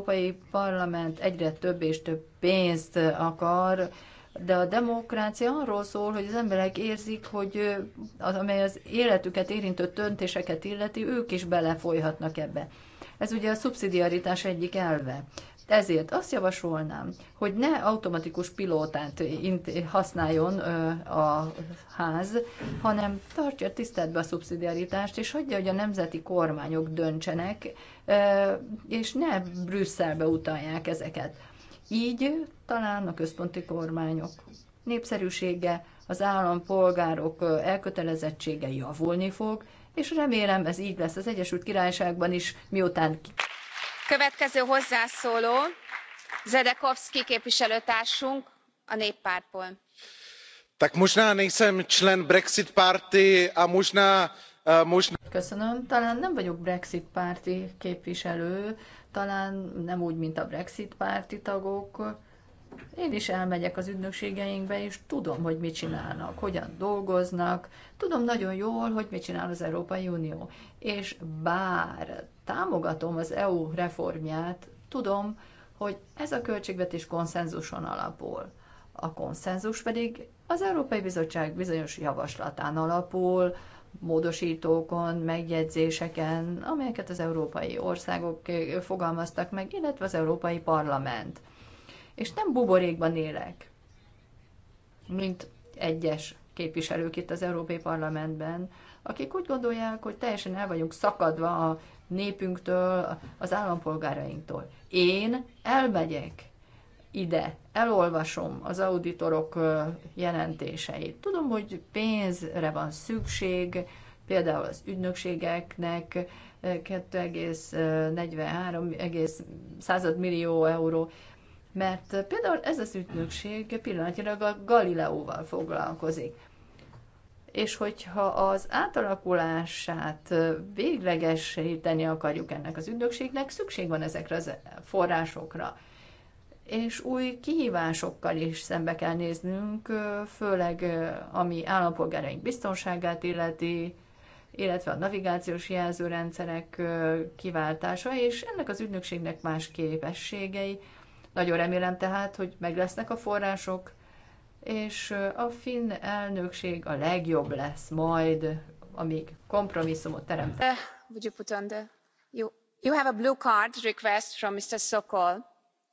Európai Parlament egyre több és több pénzt akar, de a demokrácia arról szól, hogy az emberek érzik, hogy az, amely az életüket érintő döntéseket illeti, ők is belefolyhatnak ebbe. Ez ugye a szubszidiaritás egyik elve. Ezért azt javasolnám, hogy ne automatikus pilótát használjon a ház, hanem tartja tiszteletbe a szubszidiaritást, és hagyja, hogy a nemzeti kormányok döntsenek, és ne Brüsszelbe utalják ezeket. Így talán a központi kormányok népszerűsége, az állampolgárok elkötelezettsége javulni fog, és remélem ez így lesz az Egyesült Királyságban is, miután következő hozzászóló zdekovsk képviselőtársunk a néppártból. Eh, Köszönöm. talán nem vagyok brexit párti képviselő talán nem úgy mint a brexit párti tagok én is elmegyek az ügynökségeinkbe, és tudom, hogy mit csinálnak, hogyan dolgoznak, tudom nagyon jól, hogy mit csinál az Európai Unió. És bár támogatom az EU reformját, tudom, hogy ez a költségvetés konszenzuson alapul. A konszenzus pedig az Európai Bizottság bizonyos javaslatán alapul, módosítókon, megjegyzéseken, amelyeket az európai országok eh, fogalmaztak meg, illetve az Európai Parlament és nem buborékban élek, mint egyes képviselők itt az Európai Parlamentben, akik úgy gondolják, hogy teljesen el vagyunk szakadva a népünktől, az állampolgárainktól. Én elmegyek ide, elolvasom az auditorok jelentéseit. Tudom, hogy pénzre van szükség, például az ügynökségeknek 2,43 millió euró mert például ez az ügynökség pillanatnyilag a Galileóval foglalkozik. És hogyha az átalakulását véglegesíteni akarjuk ennek az ügynökségnek, szükség van ezekre a forrásokra. És új kihívásokkal is szembe kell néznünk, főleg ami állampolgáraink biztonságát illeti, illetve a navigációs jelzőrendszerek kiváltása, és ennek az ügynökségnek más képességei, nagyon remélem tehát, hogy meg lesznek a források, és a finn elnökség a legjobb lesz majd, amíg kompromisszumot teremt. Uh, would you put on the... You, you have a blue card request from Mr. Sokol.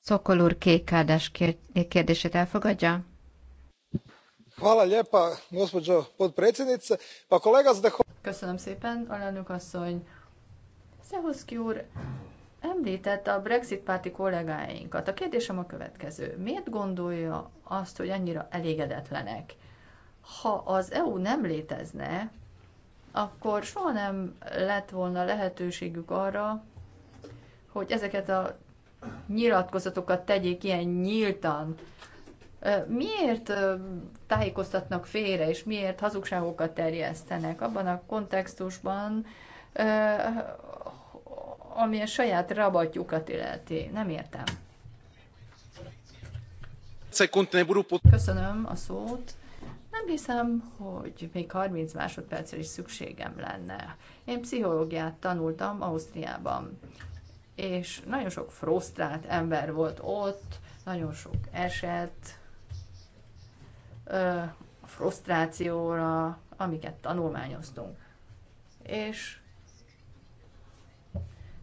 Sokol úr kékkárdas kérdését elfogadja? Hvala lijepa, gospođo potpredsjednice. Pa kolega Zdeho... Köszönöm szépen, alelnök asszony. Szehoszki úr, említette a Brexit párti kollégáinkat. A kérdésem a következő. Miért gondolja azt, hogy annyira elégedetlenek? Ha az EU nem létezne, akkor soha nem lett volna lehetőségük arra, hogy ezeket a nyilatkozatokat tegyék ilyen nyíltan. Miért tájékoztatnak félre, és miért hazugságokat terjesztenek abban a kontextusban, ami a saját rabatjukat illeti. Nem értem. Köszönöm a szót. Nem hiszem, hogy még 30 másodpercre is szükségem lenne. Én pszichológiát tanultam Ausztriában, és nagyon sok frusztrált ember volt ott, nagyon sok eset, frusztrációra, amiket tanulmányoztunk. És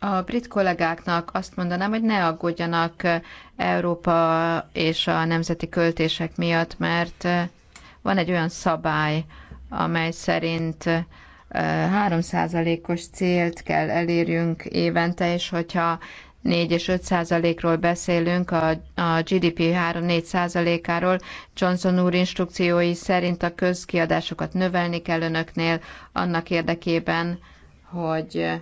A brit kollégáknak azt mondanám, hogy ne aggódjanak Európa és a nemzeti költések miatt, mert van egy olyan szabály, amely szerint 3%-os célt kell elérjünk évente, és hogyha 4 és 5 százalékról beszélünk, a, a GDP 3-4 százalékáról. Johnson úr instrukciói szerint a közkiadásokat növelni kell önöknél annak érdekében, hogy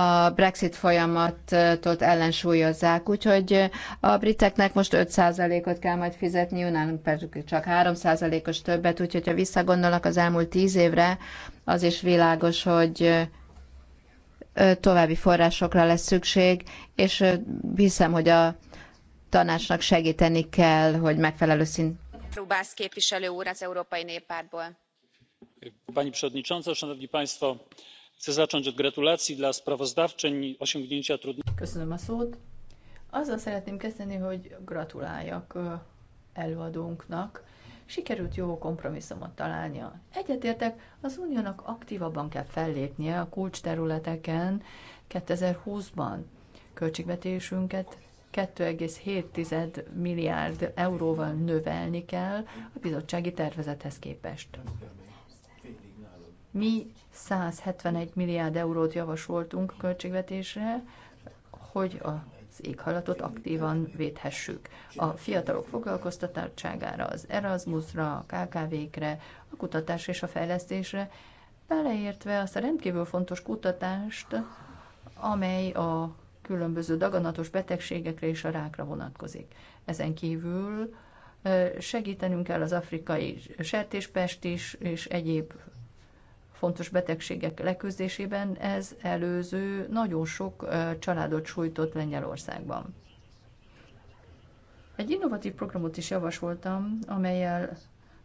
a Brexit folyamatot ellensúlyozzák, úgyhogy a briteknek most 5%-ot kell majd fizetni, nálunk pedig csak 3%-os többet, úgyhogy ha visszagondolnak az elmúlt 10 évre, az is világos, hogy további forrásokra lesz szükség, és hiszem, hogy a tanácsnak segíteni kell, hogy megfelelő szint. Próbász képviselő úr az Európai Néppártból. Pani Przewodnicząca, Szanowni Państwo! chcę zacząć od gratulacji dla sprawozdawczyni osiągnięcia trudnego. Köszönöm a szót. Azzal szeretném kezdeni, hogy gratuláljak előadónknak. Sikerült jó kompromisszumot találnia. Egyetértek, az uniónak aktívabban kell fellépnie a kulcsterületeken 2020-ban. Költségvetésünket 2,7 milliárd euróval növelni kell a bizottsági tervezethez képest. Mi 171 milliárd eurót javasoltunk költségvetésre, hogy a az éghajlatot aktívan védhessük. A fiatalok foglalkoztatottságára, az Erasmusra, a KKV-kre, a kutatás és a fejlesztésre, beleértve azt a rendkívül fontos kutatást, amely a különböző daganatos betegségekre és a rákra vonatkozik. Ezen kívül segítenünk kell az afrikai sertéspest is, és egyéb fontos betegségek leküzdésében ez előző nagyon sok családot sújtott Lengyelországban. Egy innovatív programot is javasoltam, amelyel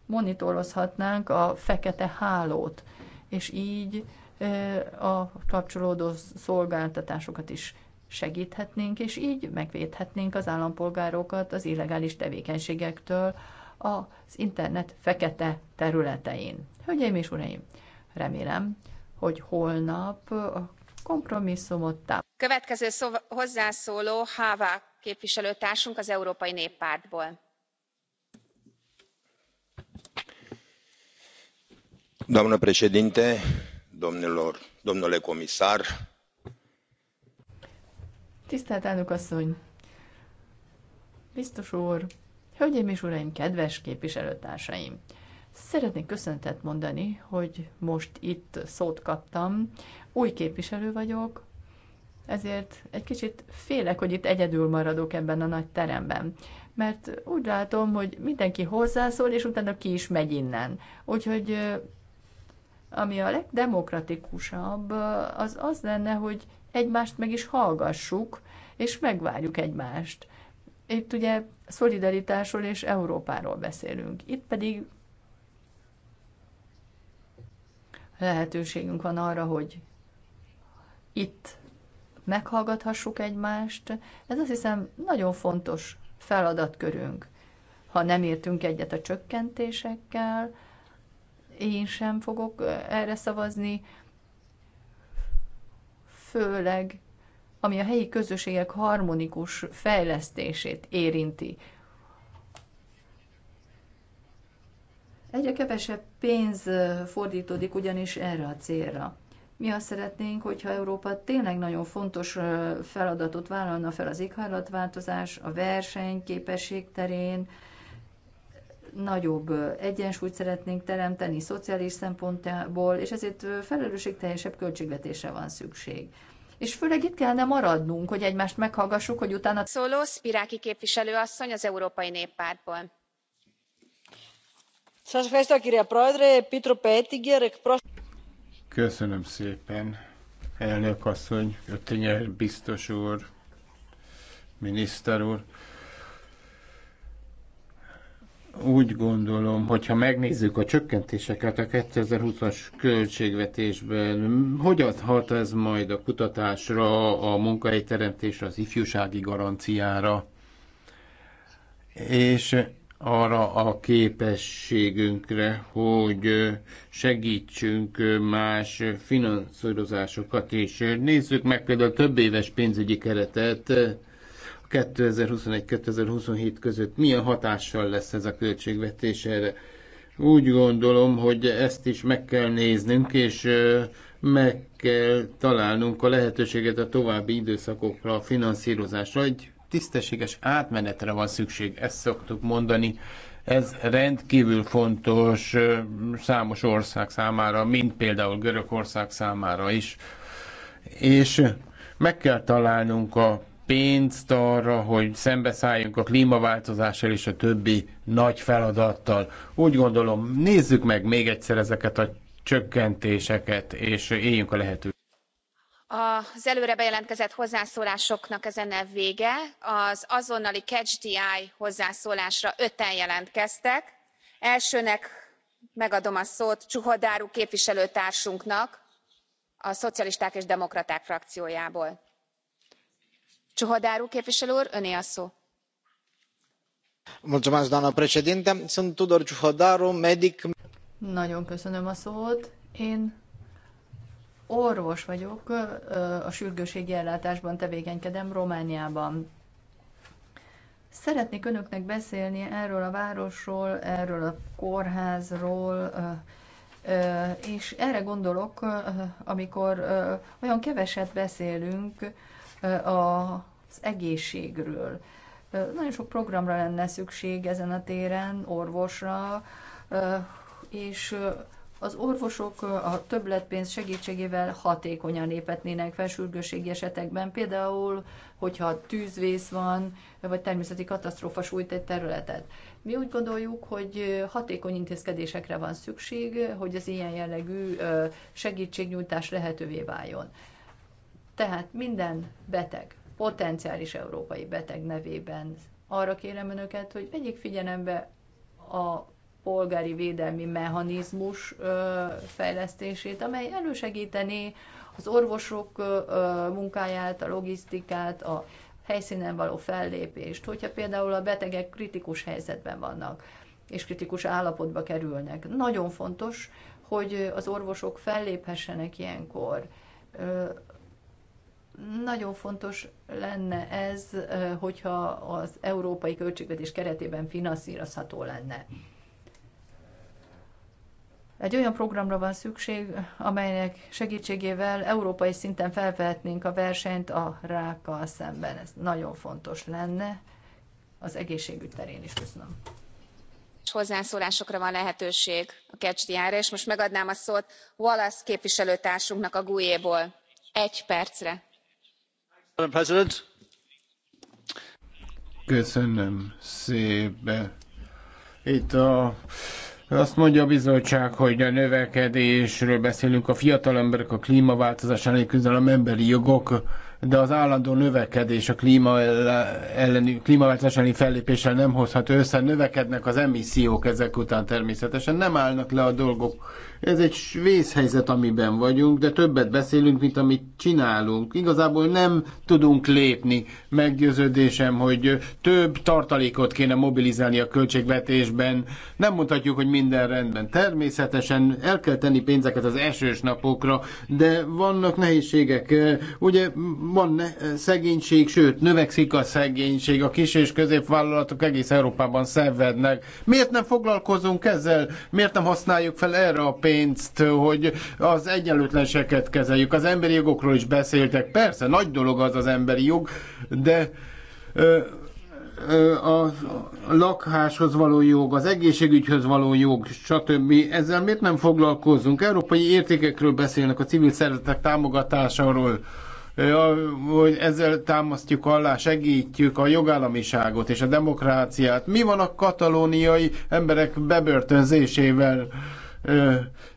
monitorozhatnánk a fekete hálót, és így a kapcsolódó szolgáltatásokat is segíthetnénk, és így megvédhetnénk az állampolgárokat az illegális tevékenységektől az internet fekete területein. Hölgyeim és uraim, Remélem, hogy holnap a kompromisszumot támogatjuk. Következő szó, hozzászóló Hává képviselőtársunk az Európai Néppártból. Doamnă președinte, domnilor, domnule comisar, Tisztelt elnök asszony, biztos úr, hölgyeim és uraim, kedves képviselőtársaim! Szeretnék köszöntet mondani, hogy most itt szót kaptam. Új képviselő vagyok, ezért egy kicsit félek, hogy itt egyedül maradok ebben a nagy teremben. Mert úgy látom, hogy mindenki hozzászól, és utána ki is megy innen. Úgyhogy ami a legdemokratikusabb, az az lenne, hogy egymást meg is hallgassuk, és megvárjuk egymást. Itt ugye szolidaritásról és Európáról beszélünk. Itt pedig lehetőségünk van arra, hogy itt meghallgathassuk egymást. Ez azt hiszem nagyon fontos feladatkörünk. Ha nem értünk egyet a csökkentésekkel, én sem fogok erre szavazni, főleg ami a helyi közösségek harmonikus fejlesztését érinti. Egyre kevesebb pénz fordítódik ugyanis erre a célra. Mi azt szeretnénk, hogyha Európa tényleg nagyon fontos feladatot vállalna fel az éghajlatváltozás, a versenyképesség terén, nagyobb egyensúlyt szeretnénk teremteni szociális szempontjából, és ezért felelősségteljesebb költségvetésre van szükség. És főleg itt kellene maradnunk, hogy egymást meghallgassuk, hogy utána... Szóló Spiráki képviselőasszony az Európai Néppártból Köszönöm szépen, elnök asszony, oettinger biztos úr, miniszter úr. Úgy gondolom, hogy ha megnézzük a csökkentéseket a 2020-as költségvetésben, hogyan hat ez majd a kutatásra, a munkahelyteremtésre, az ifjúsági garanciára, és arra a képességünkre, hogy segítsünk más finanszírozásokat is. Nézzük meg például a több éves pénzügyi keretet, 2021-2027 között milyen hatással lesz ez a költségvetés erre. Úgy gondolom, hogy ezt is meg kell néznünk, és meg kell találnunk a lehetőséget a további időszakokra, a finanszírozásra. Egy tisztességes átmenetre van szükség, ezt szoktuk mondani. Ez rendkívül fontos számos ország számára, mint például Görögország számára is. És meg kell találnunk a pénzt arra, hogy szembeszálljunk a klímaváltozással és a többi nagy feladattal. Úgy gondolom, nézzük meg még egyszer ezeket a csökkentéseket, és éljünk a lehetőséget az előre bejelentkezett hozzászólásoknak ezennel vége az azonnali catch the eye hozzászólásra öten jelentkeztek elsőnek megadom a szót csuhodaru képviselőtársunknak a szocialisták és demokraták frakciójából. csuhodaru képviselő úr öné a szó. doamnă președintă sunt tudor ciuhodaru medic. nagyon köszönöm a szót. én orvos vagyok, a sürgőségi ellátásban tevékenykedem Romániában. Szeretnék önöknek beszélni erről a városról, erről a kórházról, és erre gondolok, amikor olyan keveset beszélünk az egészségről. Nagyon sok programra lenne szükség ezen a téren, orvosra, és az orvosok a többletpénz segítségével hatékonyan lépetnének fel sürgőségi esetekben, például, hogyha tűzvész van, vagy természeti katasztrófa sújt egy területet. Mi úgy gondoljuk, hogy hatékony intézkedésekre van szükség, hogy az ilyen jellegű segítségnyújtás lehetővé váljon. Tehát minden beteg, potenciális európai beteg nevében arra kérem önöket, hogy vegyék figyelembe a polgári védelmi mechanizmus fejlesztését, amely elősegítené az orvosok munkáját, a logisztikát, a helyszínen való fellépést, hogyha például a betegek kritikus helyzetben vannak és kritikus állapotba kerülnek. Nagyon fontos, hogy az orvosok felléphessenek ilyenkor. Nagyon fontos lenne ez, hogyha az európai költségvetés keretében finanszírozható lenne. Egy olyan programra van szükség, amelynek segítségével európai szinten felvehetnénk a versenyt a rákkal szemben. Ez nagyon fontos lenne az egészségügy terén is. Köszönöm. Hozzászólásokra van lehetőség a kecsdiára, és most megadnám a szót Wallace képviselőtársunknak a GUE-ból. Egy percre. Köszönöm szépen. Itt a azt mondja a bizottság, hogy a növekedésről beszélünk, a fiatal emberek, a klímaváltozás elleni küzdelem, emberi jogok, de az állandó növekedés a klíma elleni, klímaváltozás elleni fellépéssel nem hozhat össze. Növekednek az emissziók ezek után természetesen, nem állnak le a dolgok. Ez egy vészhelyzet, amiben vagyunk, de többet beszélünk, mint amit csinálunk. Igazából nem tudunk lépni. Meggyőződésem, hogy több tartalékot kéne mobilizálni a költségvetésben. Nem mondhatjuk, hogy minden rendben. Természetesen el kell tenni pénzeket az esős napokra, de vannak nehézségek. Ugye van ne- szegénység, sőt, növekszik a szegénység. A kis és középvállalatok egész Európában szenvednek. Miért nem foglalkozunk ezzel? Miért nem használjuk fel erre a pénzt, hogy az egyenlőtlenségeket kezeljük. Az emberi jogokról is beszéltek. Persze, nagy dolog az az emberi jog, de ö, ö, a lakháshoz való jog, az egészségügyhöz való jog, stb. Ezzel miért nem foglalkozunk? Európai értékekről beszélnek, a civil szervezetek támogatásáról hogy ezzel támasztjuk alá, segítjük a jogállamiságot és a demokráciát. Mi van a katalóniai emberek bebörtönzésével?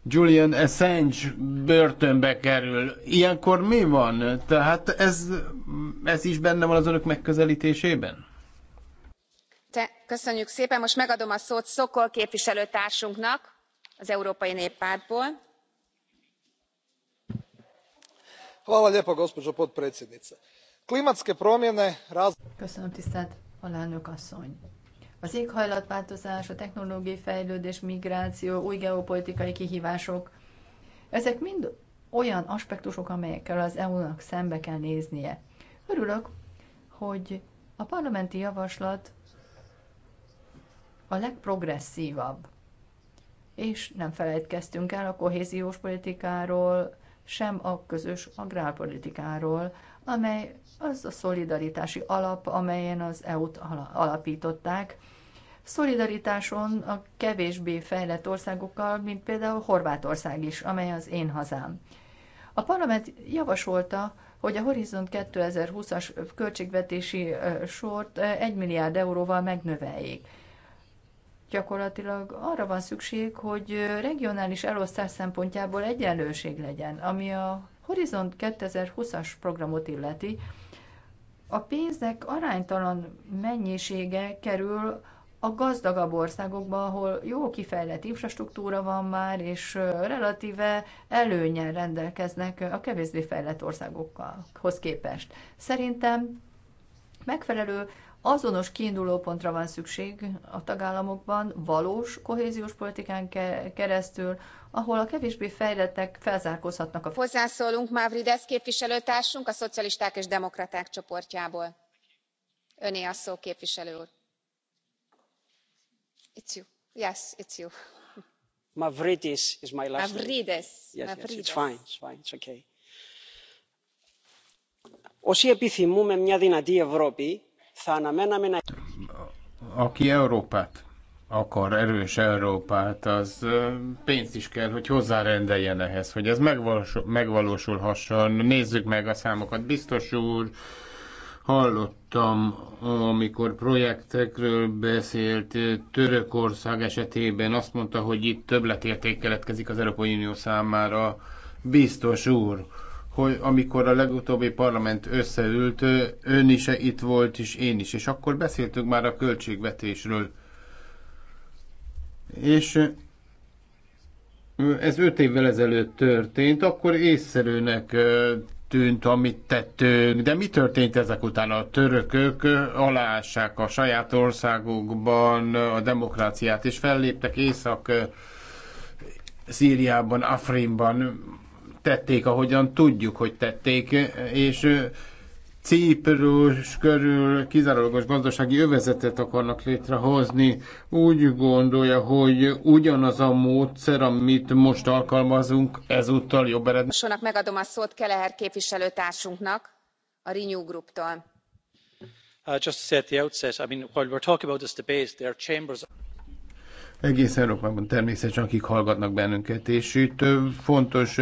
Julian Assange börtönbe kerül. Ilyenkor mi van? Tehát ez, ez is benne van az önök megközelítésében? Te, köszönjük szépen. Most megadom a szót Szokol képviselőtársunknak az Európai Néppártból. Hvala lijepa, gospođo potpredsjednice. Klimatske promjene... Köszönöm, tisztelt alelnök asszony az éghajlatváltozás, a technológiai fejlődés, migráció, új geopolitikai kihívások, ezek mind olyan aspektusok, amelyekkel az EU-nak szembe kell néznie. Örülök, hogy a parlamenti javaslat a legprogresszívabb. És nem felejtkeztünk el a kohéziós politikáról, sem a közös agrárpolitikáról, amely az a szolidaritási alap, amelyen az EU-t alapították. Szolidaritáson a kevésbé fejlett országokkal, mint például Horvátország is, amely az én hazám. A parlament javasolta, hogy a Horizont 2020-as költségvetési sort 1 milliárd euróval megnöveljék. Gyakorlatilag arra van szükség, hogy regionális elosztás szempontjából egyenlőség legyen, ami a Horizont 2020-as programot illeti, a pénznek aránytalan mennyisége kerül a gazdagabb országokba, ahol jó kifejlett infrastruktúra van már, és relatíve előnyel rendelkeznek a kevésbé fejlett országokhoz képest. Szerintem megfelelő Azonos kiindulópontra van szükség a tagállamokban, valós kohéziós politikán ke- keresztül, ahol a kevésbé fejlettek felzárkózhatnak a... Hozzászólunk Mavrides képviselőtársunk a Szocialisták és Demokraták csoportjából. Öné a szó, képviselő úr. It's you. Yes, it's you. Mavridis is my last name. Mavrides. Yes, Mavrides. yes, it's fine, it's fine, it's okay. Όσοι επιθυμούμε μια δυνατή Ευρώπη, aki Európát akar, erős Európát, az pénzt is kell, hogy hozzárendeljen ehhez, hogy ez megvalósul, megvalósulhasson. Nézzük meg a számokat. Biztos úr, hallottam, amikor projektekről beszélt Törökország esetében, azt mondta, hogy itt többletérték keletkezik az Európai Unió számára. Biztos úr, hogy amikor a legutóbbi parlament összeült, ön is itt volt, és én is, és akkor beszéltünk már a költségvetésről. És ez öt évvel ezelőtt történt, akkor észszerűnek tűnt, amit tettünk, de mi történt ezek után? A törökök aláássák a saját országukban a demokráciát, és felléptek Észak Szíriában, Afrinban, tették, ahogyan tudjuk, hogy tették, és Ciprus körül kizárólagos gazdasági övezetet akarnak létrehozni. Úgy gondolja, hogy ugyanaz a módszer, amit most alkalmazunk, ezúttal jobb eredmény. Sónak megadom a szót Keleher képviselőtársunknak a Renew Group-tól. Uh, just to say at the outset, I mean, while we're talking about this debate, there are chambers egész Európában természetesen, akik hallgatnak bennünket, és itt fontos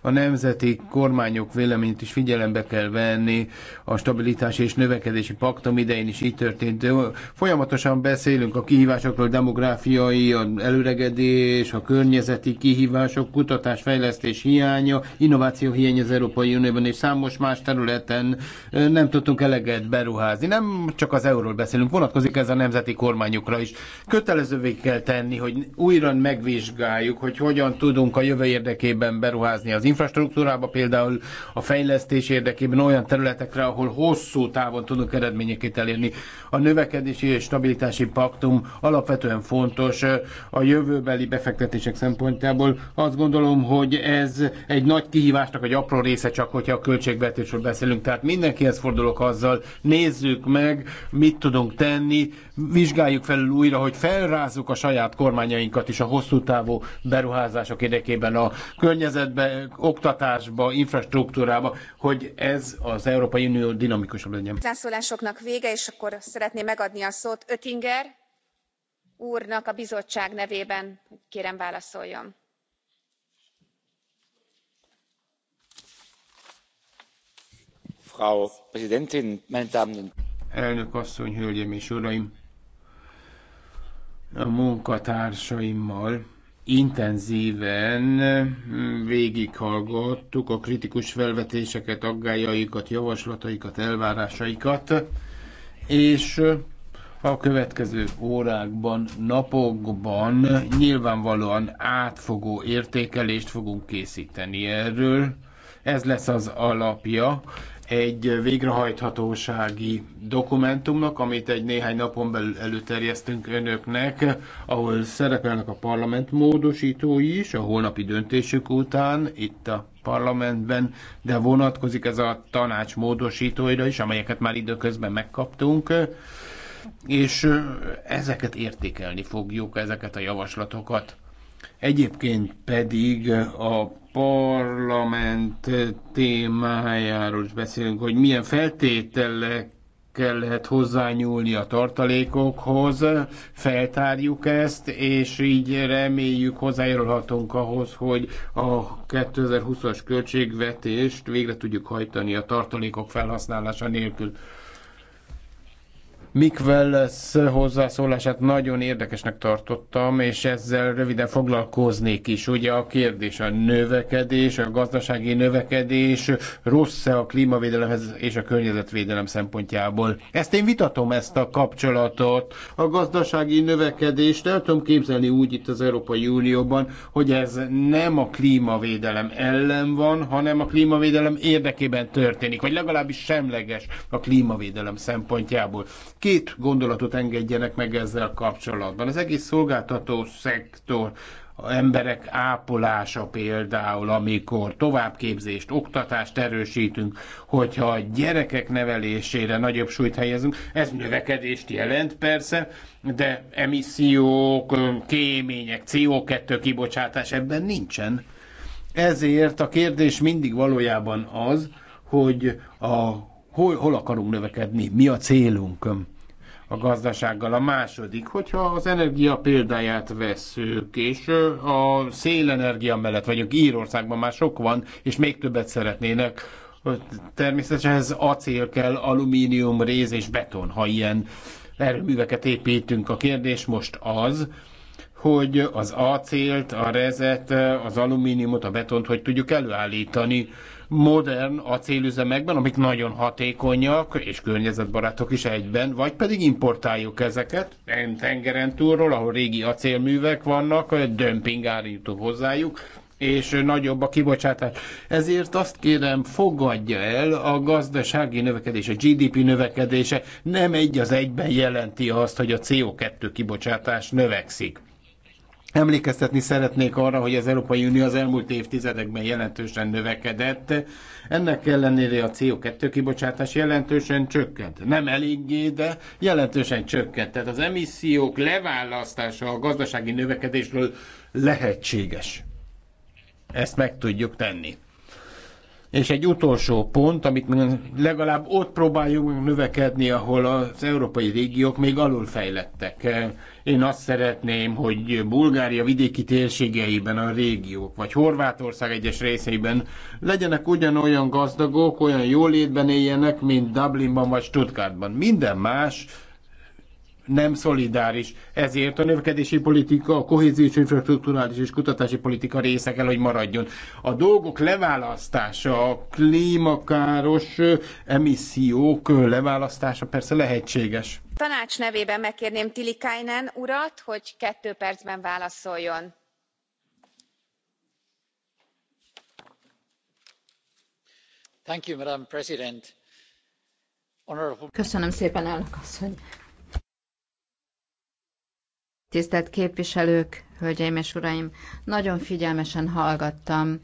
a nemzeti kormányok véleményét is figyelembe kell venni, a stabilitási és növekedési paktum idején is így történt. Folyamatosan beszélünk a kihívásokról, demográfiai, a előregedés, a környezeti kihívások, kutatás, fejlesztés hiánya, innováció hiánya az Európai Unióban, és számos más területen nem tudtunk eleget beruházni. Nem csak az euróról beszélünk, vonatkozik ez a nemzeti kormányokra is. Kötelezővé kell tenni, hogy újra megvizsgáljuk, hogy hogyan tudunk a jövő érdekében beruházni az infrastruktúrába, például a fejlesztés érdekében olyan területekre, ahol hosszú távon tudunk eredményeket elérni. A növekedési és stabilitási paktum alapvetően fontos a jövőbeli befektetések szempontjából. Azt gondolom, hogy ez egy nagy kihívásnak egy apró része csak, hogyha a költségvetésről beszélünk. Tehát mindenkihez fordulok azzal, nézzük meg, mit tudunk tenni, vizsgáljuk felül újra, hogy felrázzuk a saját kormányainkat is a hosszú távú beruházások érdekében a környezetbe, oktatásba, infrastruktúrába, hogy ez az Európai Unió dinamikusabb legyen. Zászólásoknak vége, és akkor szeretném megadni a szót Ötinger úrnak a bizottság nevében, kérem válaszoljon. Frau Präsidentin, meine Damen und Herren! Elnök asszony, hölgyeim és uraim! a munkatársaimmal intenzíven végighallgattuk a kritikus felvetéseket, aggájaikat, javaslataikat, elvárásaikat, és a következő órákban, napokban nyilvánvalóan átfogó értékelést fogunk készíteni erről. Ez lesz az alapja egy végrehajthatósági dokumentumnak, amit egy néhány napon belül előterjesztünk önöknek, ahol szerepelnek a parlament módosítói is a holnapi döntésük után itt a parlamentben, de vonatkozik ez a tanács módosítóira is, amelyeket már időközben megkaptunk, és ezeket értékelni fogjuk, ezeket a javaslatokat. Egyébként pedig a parlament témájáról is beszélünk, hogy milyen feltételek kell lehet hozzányúlni a tartalékokhoz, feltárjuk ezt, és így reméljük hozzájárulhatunk ahhoz, hogy a 2020-as költségvetést végre tudjuk hajtani a tartalékok felhasználása nélkül. Mick Welles hozzászólását nagyon érdekesnek tartottam, és ezzel röviden foglalkoznék is. Ugye a kérdés a növekedés, a gazdasági növekedés rossz-e a klímavédelemhez és a környezetvédelem szempontjából. Ezt én vitatom, ezt a kapcsolatot. A gazdasági növekedést el tudom képzelni úgy itt az Európai Unióban, hogy ez nem a klímavédelem ellen van, hanem a klímavédelem érdekében történik, vagy legalábbis semleges a klímavédelem szempontjából Két gondolatot engedjenek meg ezzel kapcsolatban. Az egész szolgáltató szektor, a emberek ápolása például, amikor továbbképzést, oktatást erősítünk, hogyha a gyerekek nevelésére nagyobb súlyt helyezünk, ez növekedést jelent persze, de emissziók, kémények, CO2 kibocsátás ebben nincsen. Ezért a kérdés mindig valójában az, hogy a, hol, hol akarunk növekedni, mi a célunk a gazdasággal. A második, hogyha az energia példáját veszük, és a szélenergia mellett vagyunk, Írországban már sok van, és még többet szeretnének, természetesen ez acél kell, alumínium, réz és beton, ha ilyen erőműveket építünk. A kérdés most az, hogy az acélt, a rezet, az alumíniumot, a betont hogy tudjuk előállítani modern acélüzemekben, amik nagyon hatékonyak és környezetbarátok is egyben, vagy pedig importáljuk ezeket tengeren túlról, ahol régi acélművek vannak, dömping jutunk hozzájuk, és nagyobb a kibocsátás. Ezért azt kérem, fogadja el a gazdasági növekedés, a GDP növekedése nem egy az egyben jelenti azt, hogy a CO2 kibocsátás növekszik. Emlékeztetni szeretnék arra, hogy az Európai Unió az elmúlt évtizedekben jelentősen növekedett. Ennek ellenére a CO2 kibocsátás jelentősen csökkent. Nem eléggé, de jelentősen csökkent. Tehát az emissziók leválasztása a gazdasági növekedésről lehetséges. Ezt meg tudjuk tenni. És egy utolsó pont, amit legalább ott próbáljunk növekedni, ahol az európai régiók még alulfejlettek. Én azt szeretném, hogy Bulgária vidéki térségeiben a régiók, vagy Horvátország egyes részeiben legyenek ugyanolyan gazdagok, olyan jólétben éljenek, mint Dublinban vagy Stuttgartban. Minden más nem szolidáris. Ezért a növekedési politika, a kohéziós infrastruktúrális és kutatási politika része kell, hogy maradjon. A dolgok leválasztása, a klímakáros emissziók leválasztása persze lehetséges. Tanács nevében megkérném Tilikainen urat, hogy kettő percben válaszoljon. You, Köszönöm szépen, elnök asszony! Tisztelt képviselők, hölgyeim és uraim, nagyon figyelmesen hallgattam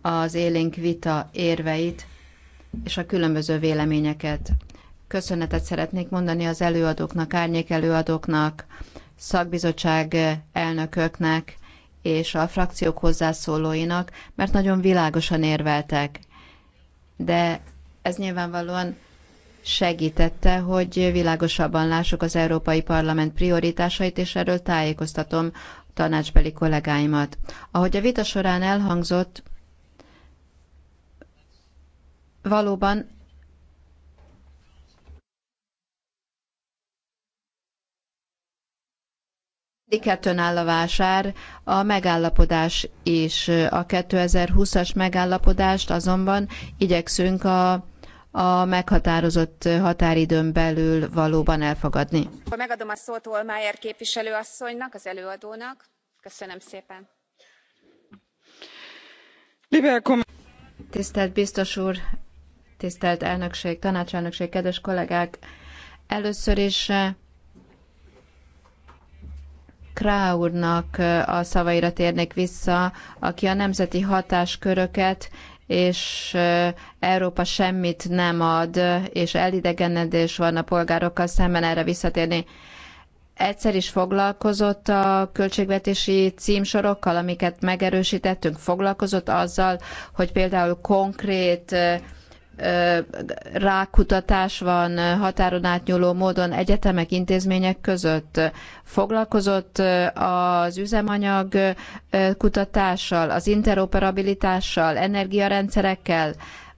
az élénk vita érveit és a különböző véleményeket. Köszönetet szeretnék mondani az előadóknak, árnyék előadóknak, szakbizottság elnököknek és a frakciók hozzászólóinak, mert nagyon világosan érveltek. De ez nyilvánvalóan segítette, hogy világosabban lássuk az Európai Parlament prioritásait, és erről tájékoztatom tanácsbeli kollégáimat. Ahogy a vita során elhangzott, valóban Kettőn áll a vásár, a megállapodás és a 2020-as megállapodást azonban igyekszünk a a meghatározott határidőn belül valóban elfogadni. Akkor megadom a szót Olmájer képviselő asszonynak, az előadónak. Köszönöm szépen. Tisztelt biztos úr, tisztelt elnökség, tanácselnökség, kedves kollégák! Először is eh, Krá úrnak eh, a szavaira térnék vissza, aki a nemzeti hatásköröket és Európa semmit nem ad, és elidegenedés van a polgárokkal szemben, erre visszatérni. Egyszer is foglalkozott a költségvetési címsorokkal, amiket megerősítettünk, foglalkozott azzal, hogy például konkrét rákutatás van határon átnyúló módon egyetemek, intézmények között. Foglalkozott az üzemanyag kutatással, az interoperabilitással, energiarendszerekkel,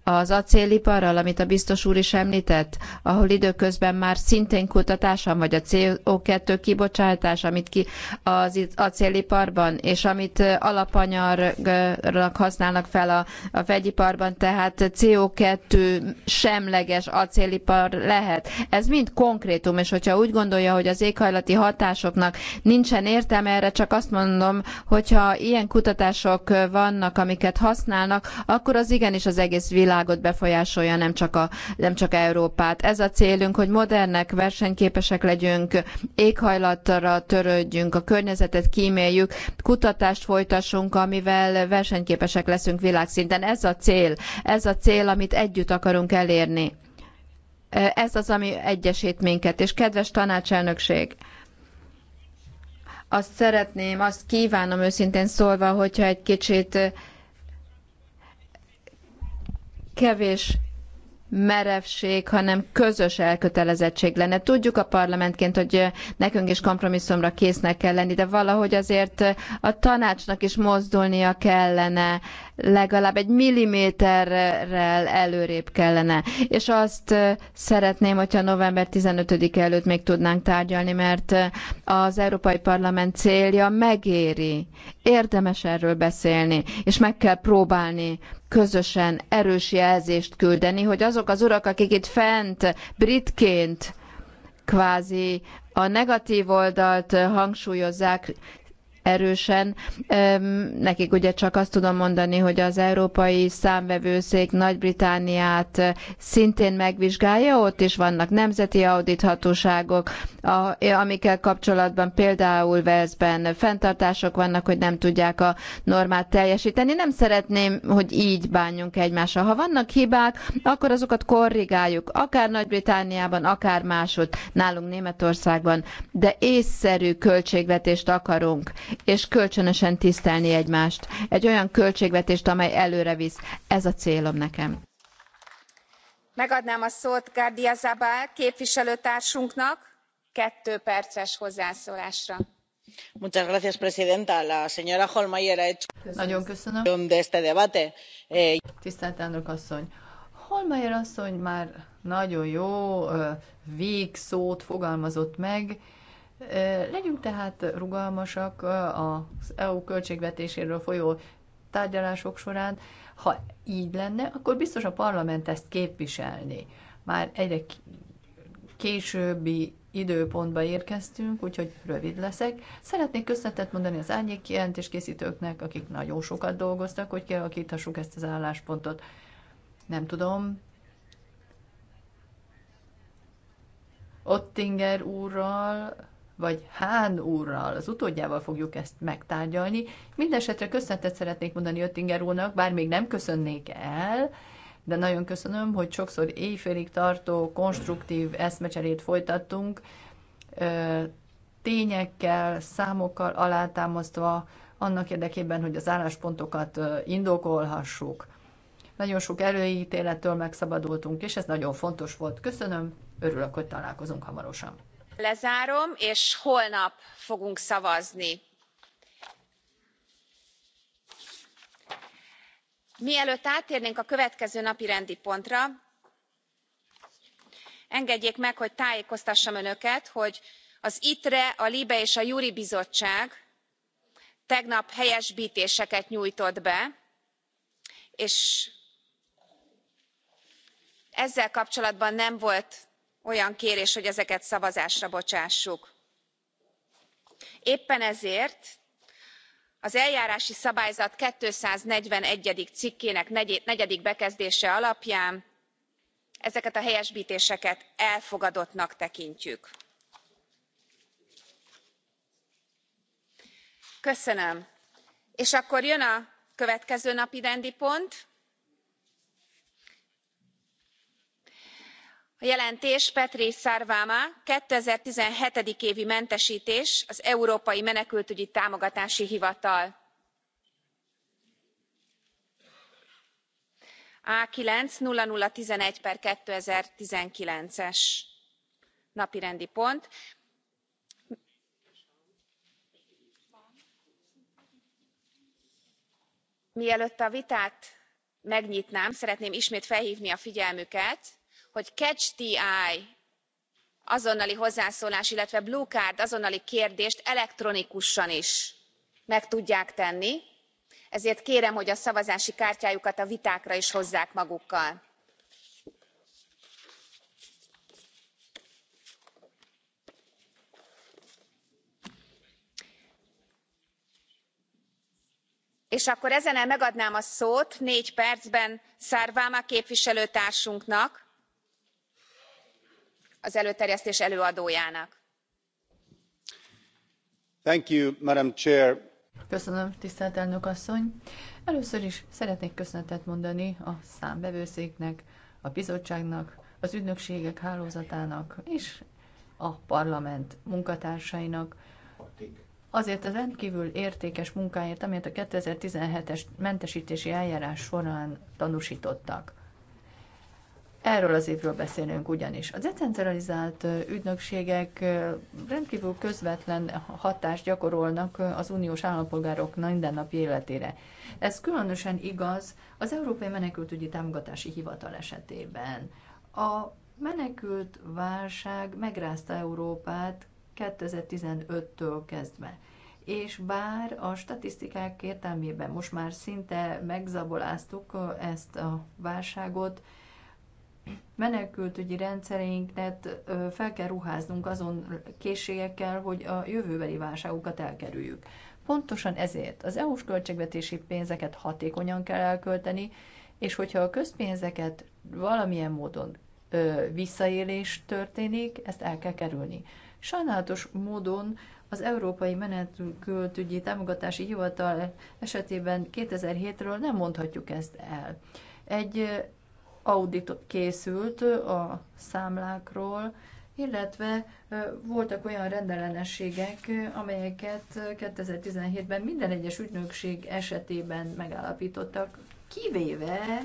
az acéliparral, amit a biztos úr is említett, ahol időközben már szintén kutatáson vagy a CO2 kibocsátás, amit ki az acéliparban, és amit alapanyagnak használnak fel a, a vegyiparban, tehát CO2 semleges acélipar lehet. Ez mind konkrétum, és hogyha úgy gondolja, hogy az éghajlati hatásoknak nincsen értelme erre, csak azt mondom, hogyha ilyen kutatások vannak, amiket használnak, akkor az igenis az egész világ világot befolyásolja, nem csak, a, nem csak Európát. Ez a célunk, hogy modernek, versenyképesek legyünk, éghajlatra törődjünk, a környezetet kíméljük, kutatást folytassunk, amivel versenyképesek leszünk világszinten. Ez a cél, ez a cél, amit együtt akarunk elérni. Ez az, ami egyesít minket. És kedves tanácselnökség, azt szeretném, azt kívánom őszintén szólva, hogyha egy kicsit kevés merevség, hanem közös elkötelezettség lenne. Tudjuk a parlamentként, hogy nekünk is kompromisszumra késznek kell lenni, de valahogy azért a tanácsnak is mozdulnia kellene legalább egy milliméterrel előrébb kellene. És azt szeretném, hogyha november 15 előtt még tudnánk tárgyalni, mert az Európai Parlament célja megéri. Érdemes erről beszélni, és meg kell próbálni közösen erős jelzést küldeni, hogy azok az urak, akik itt fent britként kvázi a negatív oldalt hangsúlyozzák, erősen. Nekik ugye csak azt tudom mondani, hogy az Európai Számvevőszék Nagy-Britániát szintén megvizsgálja, ott is vannak nemzeti audithatóságok, amikkel kapcsolatban például Velszben fenntartások vannak, hogy nem tudják a normát teljesíteni. Nem szeretném, hogy így bánjunk egymással. Ha vannak hibák, akkor azokat korrigáljuk, akár Nagy-Britániában, akár máshogy, nálunk Németországban, de észszerű költségvetést akarunk, és kölcsönösen tisztelni egymást. Egy olyan költségvetést, amely előre visz. Ez a célom nekem. Megadnám a szót Gárdia Zabal képviselőtársunknak kettő perces hozzászólásra. Muchas gracias, presidenta. La señora Holmeyer ha hecho Nagyon köszönöm. de este debate. Eh, Tisztelt elnök asszony, Holmeyer asszony már nagyon jó végszót fogalmazott meg, Legyünk tehát rugalmasak az EU költségvetéséről folyó tárgyalások során. Ha így lenne, akkor biztos a parlament ezt képviselni. Már egyre későbbi időpontba érkeztünk, úgyhogy rövid leszek. Szeretnék köszönetet mondani az árnyék készítőknek, akik nagyon sokat dolgoztak, hogy kialakíthassuk ezt az álláspontot. Nem tudom, Ottinger úrral, vagy Hán úrral, az utódjával fogjuk ezt megtárgyalni. Mindenesetre köszönetet szeretnék mondani Öttinger úrnak, bár még nem köszönnék el, de nagyon köszönöm, hogy sokszor éjfélig tartó, konstruktív eszmecserét folytattunk, tényekkel, számokkal alátámasztva, annak érdekében, hogy az álláspontokat indokolhassuk. Nagyon sok előítélettől megszabadultunk, és ez nagyon fontos volt. Köszönöm, örülök, hogy találkozunk hamarosan lezárom és holnap fogunk szavazni. mielőtt áttérnénk a következő napirendi pontra engedjék meg hogy tájékoztassam önöket hogy az itre a libe és a juri bizottság tegnap helyesbtéseket nyújtott be és ezzel kapcsolatban nem volt olyan kérés hogy ezeket szavazásra bocsássuk. éppen ezért az eljárási szabályzat two hundred and forty one cikkének negyedik bekezdése alapján ezeket a helyesbtéseket elfogadottnak tekintjük. köszönöm és akkor jön a következő napirendi pont a jelentés petri sarvamaa two thousand and seventeen évi mentestés az európai menekültügyi támogatási hivatal a nine hundred and eleven two thousand and nineteen es napirendi pont mielőtt a vitát megnyitnám szeretném ismét felhvni a figyelmüket hogy catch the eye azonnali hozzászólás illetve blue card azonnali kérdést elektronikusan is meg tudják tenni ezért kérem hogy a szavazási kártyájukat a vitákra is hozzák magukkal. és akkor ezennel megadnám a szót négy percben sarvamaa képviselőtársunknak az előterjesztés előadójának. Köszönöm, tisztelt elnök asszony! Először is szeretnék köszönetet mondani a számvevőszéknek a bizottságnak, az ügynökségek hálózatának és a parlament munkatársainak azért az rendkívül értékes munkáért, amelyet a 2017-es mentesítési eljárás során tanúsítottak. Erről az évről beszélünk ugyanis. A decentralizált ügynökségek rendkívül közvetlen hatást gyakorolnak az uniós állampolgárok mindennapi életére. Ez különösen igaz az Európai Menekültügyi Támogatási Hivatal esetében. A menekült válság megrázta Európát 2015-től kezdve és bár a statisztikák értelmében most már szinte megzaboláztuk ezt a válságot, menekültügyi rendszereinket fel kell ruháznunk azon készségekkel, hogy a jövőbeli válságokat elkerüljük. Pontosan ezért az EU-s költségvetési pénzeket hatékonyan kell elkölteni, és hogyha a közpénzeket valamilyen módon ö, visszaélés történik, ezt el kell kerülni. Sajnálatos módon az Európai Menekültügyi Támogatási Hivatal esetében 2007-ről nem mondhatjuk ezt el. Egy audit készült a számlákról, illetve voltak olyan rendellenességek, amelyeket 2017-ben minden egyes ügynökség esetében megállapítottak, kivéve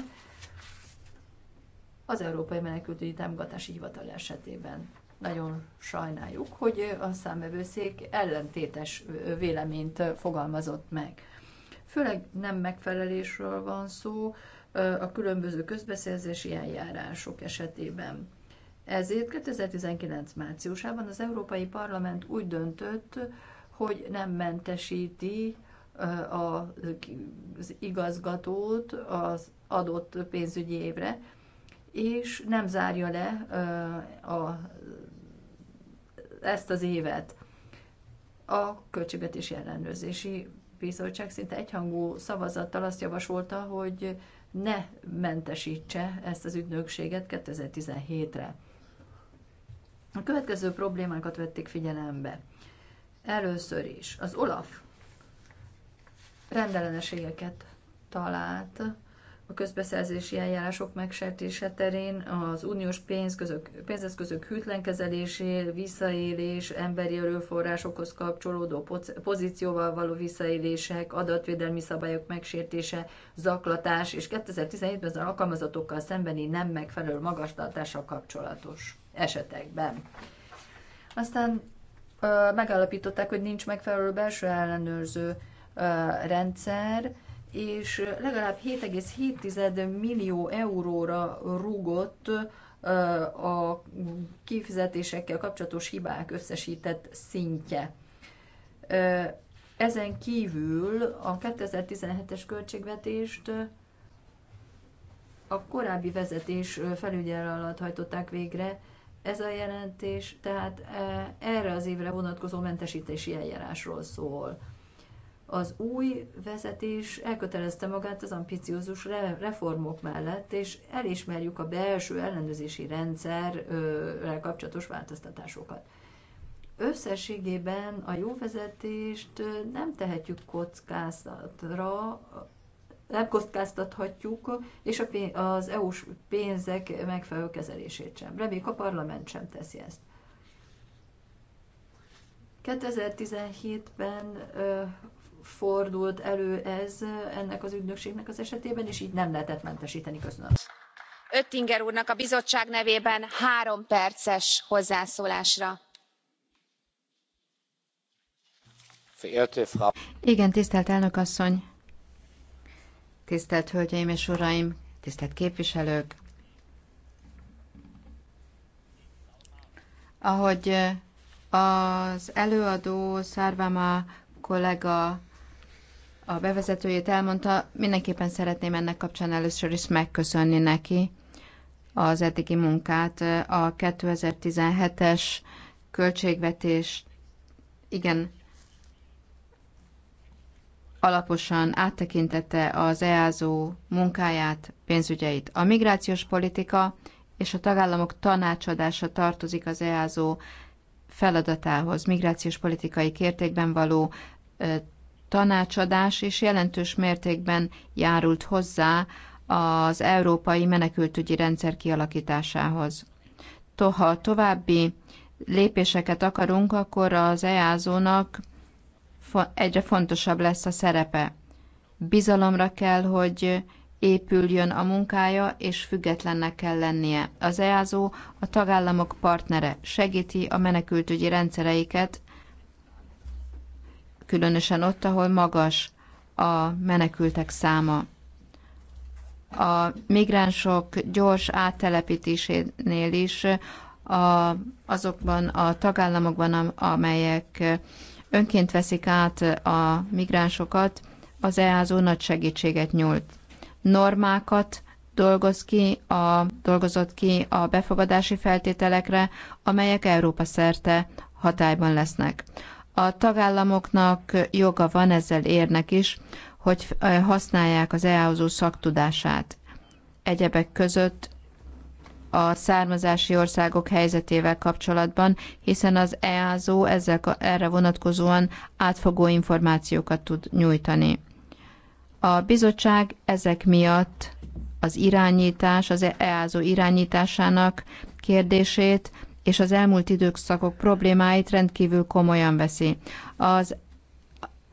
az Európai Menekültügyi Támogatási Hivatal esetében. Nagyon sajnáljuk, hogy a számvevőszék ellentétes véleményt fogalmazott meg. Főleg nem megfelelésről van szó, a különböző közbeszerzési eljárások esetében. Ezért 2019 márciusában az Európai Parlament úgy döntött, hogy nem mentesíti az igazgatót az adott pénzügyi évre, és nem zárja le a, ezt az évet. A Költségvetési Ellenőrzési Bizottság szinte egyhangú szavazattal azt javasolta, hogy ne mentesítse ezt az ügynökséget 2017-re. A következő problémákat vették figyelembe. Először is az Olaf rendellenességeket talált a közbeszerzési eljárások megsértése terén, az uniós pénzközök, pénzeszközök hűtlen kezelésé, visszaélés, emberi erőforrásokhoz kapcsolódó pozícióval való visszaélések, adatvédelmi szabályok megsértése, zaklatás és 2017-ben az alkalmazatokkal szembeni nem megfelelő magatartással kapcsolatos esetekben. Aztán megállapították, hogy nincs megfelelő belső ellenőrző rendszer, és legalább 7,7 millió euróra rúgott a kifizetésekkel kapcsolatos hibák összesített szintje. Ezen kívül a 2017-es költségvetést a korábbi vezetés felügyel alatt hajtották végre. Ez a jelentés tehát erre az évre vonatkozó mentesítési eljárásról szól. Az új vezetés elkötelezte magát az ambiciózus reformok mellett, és elismerjük a belső ellenőrzési rendszerrel kapcsolatos változtatásokat. Összességében a jó vezetést nem tehetjük kockázatra, nem kockáztathatjuk, és a az EU-s pénzek megfelelő kezelését sem. Reméljük a parlament sem teszi ezt. 2017-ben fordult elő ez ennek az ügynökségnek az esetében, és így nem lehetett mentesíteni. Köszönöm. Öttinger úrnak a bizottság nevében három perces hozzászólásra. Igen, tisztelt elnök asszony, tisztelt hölgyeim és uraim, tisztelt képviselők! Ahogy eh, az előadó Szárváma kollega a bevezetőjét elmondta, mindenképpen szeretném ennek kapcsán először is megköszönni neki az eddigi munkát. A 2017-es költségvetés igen alaposan áttekintette az EASO munkáját, pénzügyeit. A migrációs politika és a tagállamok tanácsadása tartozik az EASO feladatához, migrációs politikai kértékben való tanácsadás és jelentős mértékben járult hozzá az európai menekültügyi rendszer kialakításához. Toha további lépéseket akarunk, akkor az EASO-nak egyre fontosabb lesz a szerepe. Bizalomra kell, hogy épüljön a munkája, és függetlennek kell lennie. Az EASO a tagállamok partnere, segíti a menekültügyi rendszereiket, különösen ott, ahol magas a menekültek száma. A migránsok gyors áttelepítésénél is a, azokban a tagállamokban, amelyek önként veszik át a migránsokat, az EASO nagy segítséget nyújt. Normákat dolgoz ki a, dolgozott ki a befogadási feltételekre, amelyek Európa szerte hatályban lesznek. A tagállamoknak joga van, ezzel érnek is, hogy használják az EASO szaktudását. Egyebek között a származási országok helyzetével kapcsolatban, hiszen az EAZO ezzel, erre vonatkozóan átfogó információkat tud nyújtani. A bizottság ezek miatt az irányítás, az e-, EAZO irányításának kérdését és az elmúlt időszakok problémáit rendkívül komolyan veszi. Az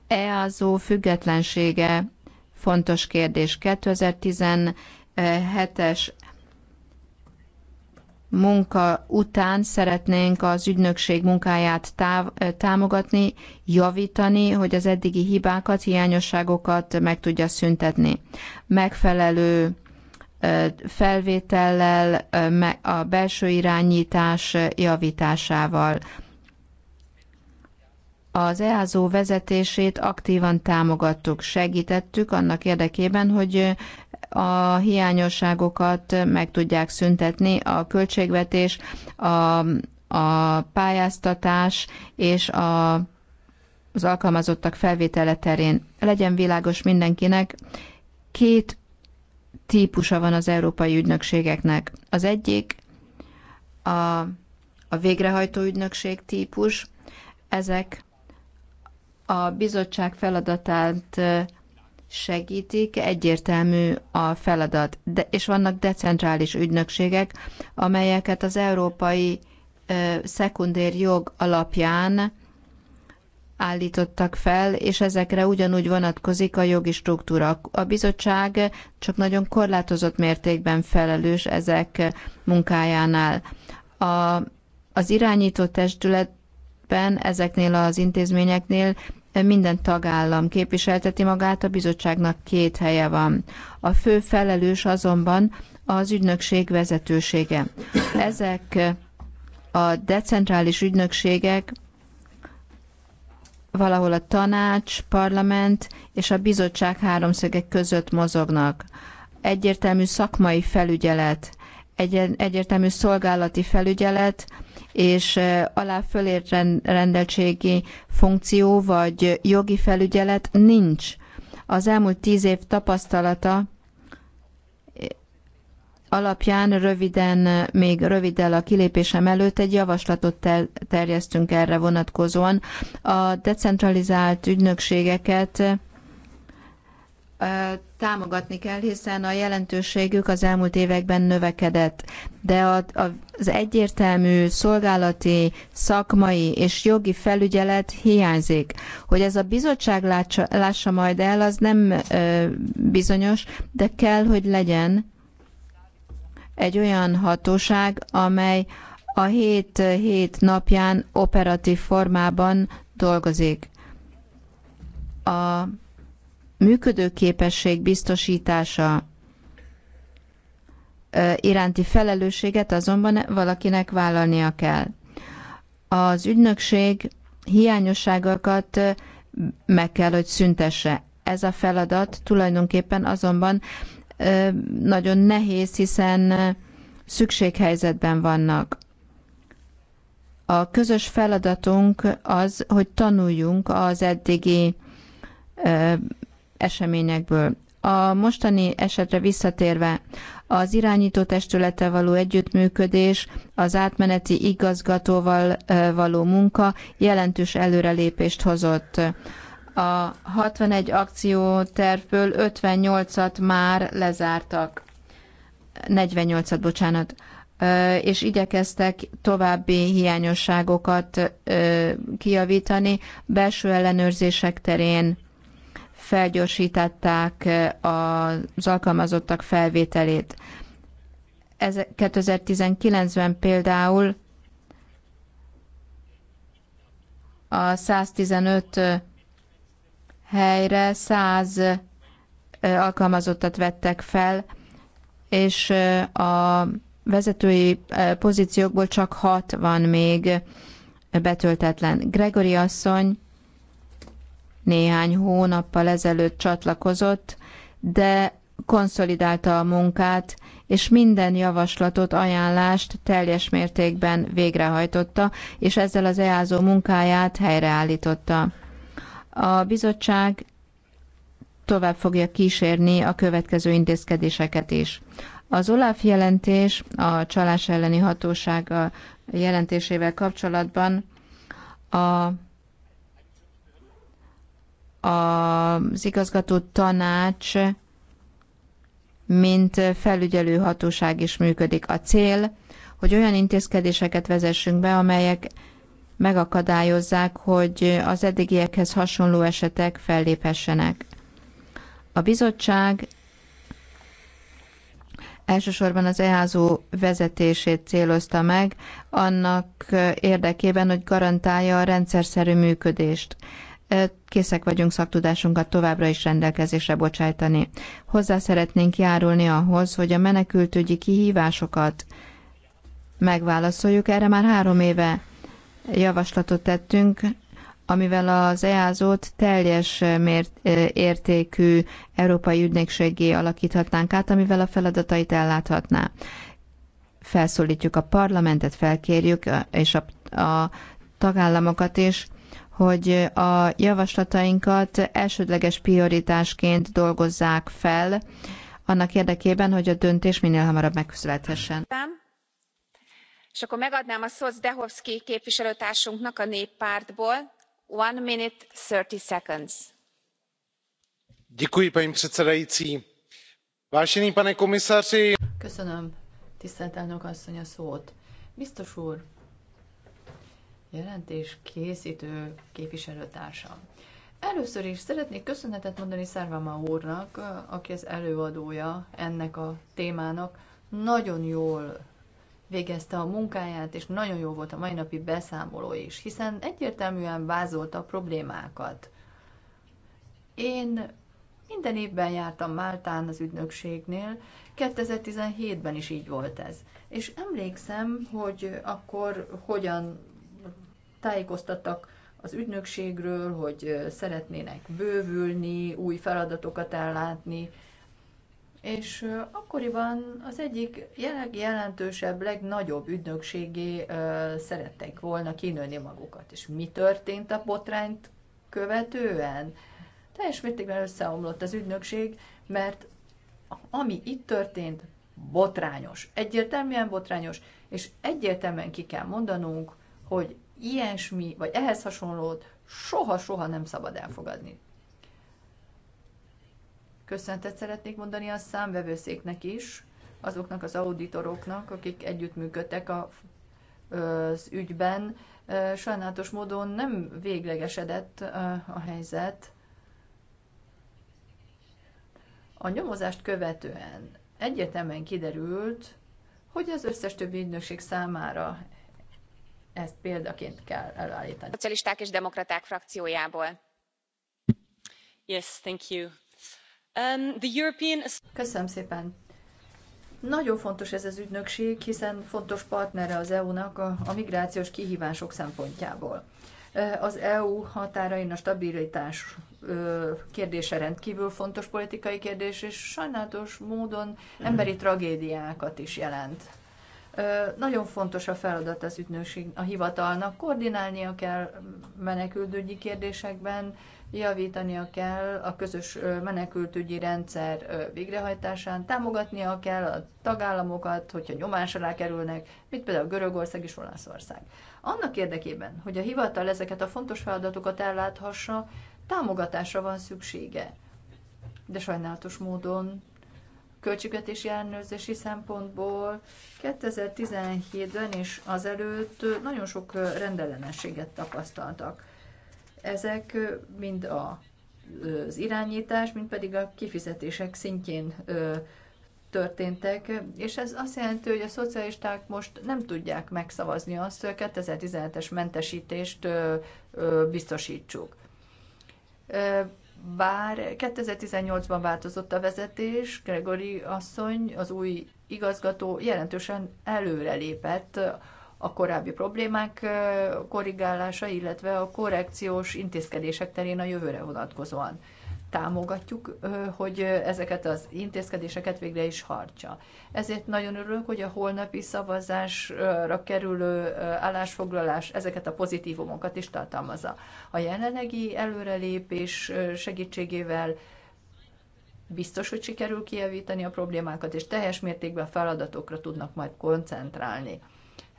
EASO függetlensége fontos kérdés. 2017-es munka után szeretnénk az ügynökség munkáját táv, támogatni, javítani, hogy az eddigi hibákat, hiányosságokat meg tudja szüntetni. Megfelelő felvétellel, a belső irányítás javításával. Az EASO vezetését aktívan támogattuk, segítettük annak érdekében, hogy a hiányosságokat meg tudják szüntetni, a költségvetés, a, a pályáztatás és a, az alkalmazottak felvétele terén. Legyen világos mindenkinek, két típusa van az európai ügynökségeknek. Az egyik a, a végrehajtó ügynökség típus, ezek a bizottság feladatát segítik, egyértelmű a feladat, de, és vannak decentrális ügynökségek, amelyeket az európai ö, szekundér jog alapján állítottak fel, és ezekre ugyanúgy vonatkozik a jogi struktúra. A bizottság csak nagyon korlátozott mértékben felelős ezek munkájánál. A, az irányító testületben, ezeknél az intézményeknél minden tagállam képviselteti magát, a bizottságnak két helye van. A fő felelős azonban az ügynökség vezetősége. Ezek a decentrális ügynökségek valahol a tanács, parlament és a bizottság háromszögek között mozognak. Egyértelmű szakmai felügyelet, egy, egyértelmű szolgálati felügyelet, és alá rendeltségi funkció vagy jogi felügyelet nincs. Az elmúlt tíz év tapasztalata alapján röviden, még röviddel a kilépésem előtt egy javaslatot terjesztünk erre vonatkozóan. A decentralizált ügynökségeket támogatni kell, hiszen a jelentőségük az elmúlt években növekedett, de az egyértelmű szolgálati, szakmai és jogi felügyelet hiányzik. Hogy ez a bizottság lássa, lássa majd el, az nem bizonyos, de kell, hogy legyen egy olyan hatóság, amely a hét hét napján operatív formában dolgozik. A működőképesség biztosítása iránti felelősséget azonban valakinek vállalnia kell. Az ügynökség hiányosságokat meg kell, hogy szüntesse. Ez a feladat tulajdonképpen azonban nagyon nehéz, hiszen szükséghelyzetben vannak. A közös feladatunk az, hogy tanuljunk az eddigi eseményekből. A mostani esetre visszatérve, az irányító testülete való együttműködés, az átmeneti igazgatóval való munka jelentős előrelépést hozott. A 61 akciótervből 58-at már lezártak. 48-at, bocsánat és igyekeztek további hiányosságokat kijavítani. Belső ellenőrzések terén felgyorsították az alkalmazottak felvételét. 2019-ben például a 115 helyre 100 alkalmazottat vettek fel, és a vezetői pozíciókból csak hat van még betöltetlen. Gregory asszony néhány hónappal ezelőtt csatlakozott, de konszolidálta a munkát, és minden javaslatot, ajánlást teljes mértékben végrehajtotta, és ezzel az EASO munkáját helyreállította. A bizottság tovább fogja kísérni a következő intézkedéseket is. Az OLAF jelentés a csalás elleni hatóság a jelentésével kapcsolatban a az igazgató tanács, mint felügyelő hatóság is működik. A cél, hogy olyan intézkedéseket vezessünk be, amelyek megakadályozzák, hogy az eddigiekhez hasonló esetek felléphessenek. A bizottság elsősorban az EHZO vezetését célozta meg, annak érdekében, hogy garantálja a rendszerszerű működést. Készek vagyunk szaktudásunkat továbbra is rendelkezésre bocsájtani. Hozzá szeretnénk járulni ahhoz, hogy a menekültügyi kihívásokat megválaszoljuk. Erre már három éve javaslatot tettünk, amivel az EASO-t teljes mért, értékű európai ügynökségé alakíthatnánk át, amivel a feladatait elláthatná. Felszólítjuk a parlamentet, felkérjük, és a, a tagállamokat is, hogy a javaslatainkat elsődleges prioritásként dolgozzák fel, annak érdekében, hogy a döntés minél hamarabb megszülethessen és akkor megadnám a szót zdechovsk képviselőtársunknak a néppártból paní předsedající vážený pane komisaři köszönöm tisztelt elnök asszony szót biztos úr jelentés készítő képviselőtársam először is szeretnék köszönetet mondani Szárvama úrnak aki az előadója ennek a témának nagyon jól végezte a munkáját, és nagyon jó volt a mai napi beszámoló is, hiszen egyértelműen vázolta a problémákat. Én minden évben jártam Máltán az ügynökségnél, 2017-ben is így volt ez. És emlékszem, hogy akkor hogyan tájékoztattak az ügynökségről, hogy szeretnének bővülni, új feladatokat ellátni, és akkoriban az egyik jelentősebb, legnagyobb ügynökségé szerettek volna kinőni magukat. És mi történt a botrányt követően? Teljes mértékben összeomlott az ügynökség, mert ami itt történt, botrányos. Egyértelműen botrányos, és egyértelműen ki kell mondanunk, hogy ilyesmi, vagy ehhez hasonlót soha-soha nem szabad elfogadni. Köszöntet szeretnék mondani a számvevőszéknek is, azoknak az auditoroknak, akik együttműködtek a, az ügyben. Sajnálatos módon nem véglegesedett a helyzet. A nyomozást követően egyetemen kiderült, hogy az összes többi ügynökség számára ezt példaként kell előállítani. Szocialisták és demokraták frakciójából. Yes, thank you. Um, Köszönöm szépen. Nagyon fontos ez az ügynökség, hiszen fontos partnere az EU-nak a, a migrációs kihívások szempontjából. Az EU határain a stabilitás kérdése rendkívül fontos politikai kérdés, és sajnálatos módon emberi mhm. tragédiákat is jelent. Nagyon fontos a feladat az ügynökség, a hivatalnak. Koordinálnia kell menekültügyi kérdésekben, javítania kell a közös menekültügyi rendszer végrehajtásán, támogatnia kell a tagállamokat, hogyha nyomás alá kerülnek, mint például Görögország és Olaszország. Annak érdekében, hogy a hivatal ezeket a fontos feladatokat elláthassa, támogatásra van szüksége. De sajnálatos módon költségvetési ellenőrzési szempontból 2017-ben és azelőtt nagyon sok rendellenességet tapasztaltak ezek mind a, az irányítás, mind pedig a kifizetések szintjén történtek, és ez azt jelenti, hogy a szocialisták most nem tudják megszavazni azt, hogy a 2017-es mentesítést biztosítsuk. Bár 2018-ban változott a vezetés, Gregory asszony, az új igazgató jelentősen előrelépett a korábbi problémák korrigálása, illetve a korrekciós intézkedések terén a jövőre vonatkozóan támogatjuk, hogy ezeket az intézkedéseket végre is hartsa. Ezért nagyon örülök, hogy a holnapi szavazásra kerülő állásfoglalás ezeket a pozitívumokat is tartalmazza. A jelenlegi előrelépés segítségével biztos, hogy sikerül kijavítani a problémákat, és teljes mértékben feladatokra tudnak majd koncentrálni.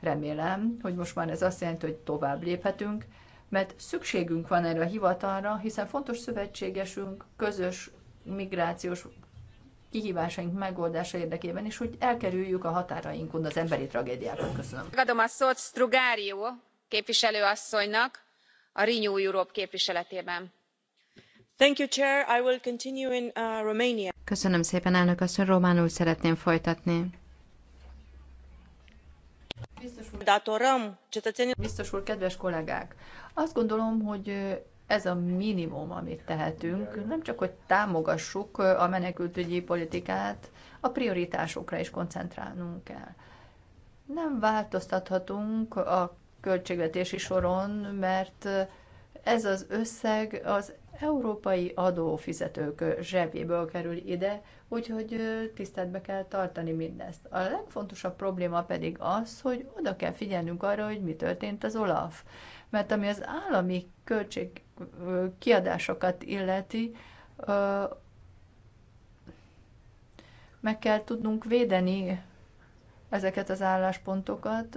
Remélem, hogy most már ez azt jelenti, hogy tovább léphetünk, mert szükségünk van erre a hivatalra, hiszen fontos szövetségesünk, közös migrációs kihívásaink megoldása érdekében és hogy elkerüljük a határainkon az emberi tragédiákat. Köszönöm. Megadom a szót Strugárió képviselő asszonynak a Renew Europe képviseletében. Thank you, Chair. I will continue in uh, Romania. Köszönöm szépen, elnök asszony. Románul szeretném folytatni. Biztos úr, kedves kollégák! Azt gondolom, hogy ez a minimum, amit tehetünk, nem csak, hogy támogassuk a menekültügyi politikát, a prioritásokra is koncentrálnunk kell. Nem változtathatunk a költségvetési soron, mert ez az összeg az európai adófizetők zsebéből kerül ide, úgyhogy tiszteltbe kell tartani mindezt. A legfontosabb probléma pedig az, hogy oda kell figyelnünk arra, hogy mi történt az OLAF. Mert ami az állami költség kiadásokat illeti, meg kell tudnunk védeni ezeket az álláspontokat,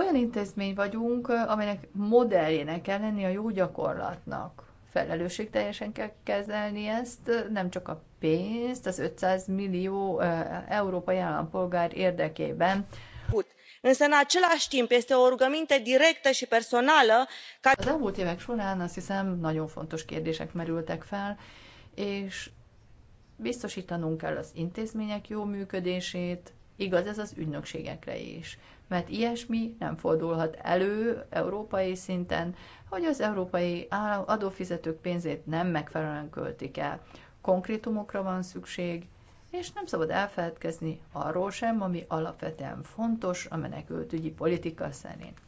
Olyan intézmény vagyunk, amelynek modelljének kell lenni a jó gyakorlatnak. Felelősség teljesen kell kezelni ezt, nem csak a pénzt, az 500 millió európai állampolgár érdekében. Însă, în același timp, este o rugăminte directă și personală ca... Az elmúlt évek során azt hiszem nagyon fontos kérdések merültek fel, és biztosítanunk kell az intézmények jó működését, igaz ez az ügynökségekre is mert ilyesmi nem fordulhat elő európai szinten, hogy az európai adófizetők pénzét nem megfelelően költik el. Konkrétumokra van szükség, és nem szabad elfeledkezni arról sem, ami alapvetően fontos a menekültügyi politika szerint.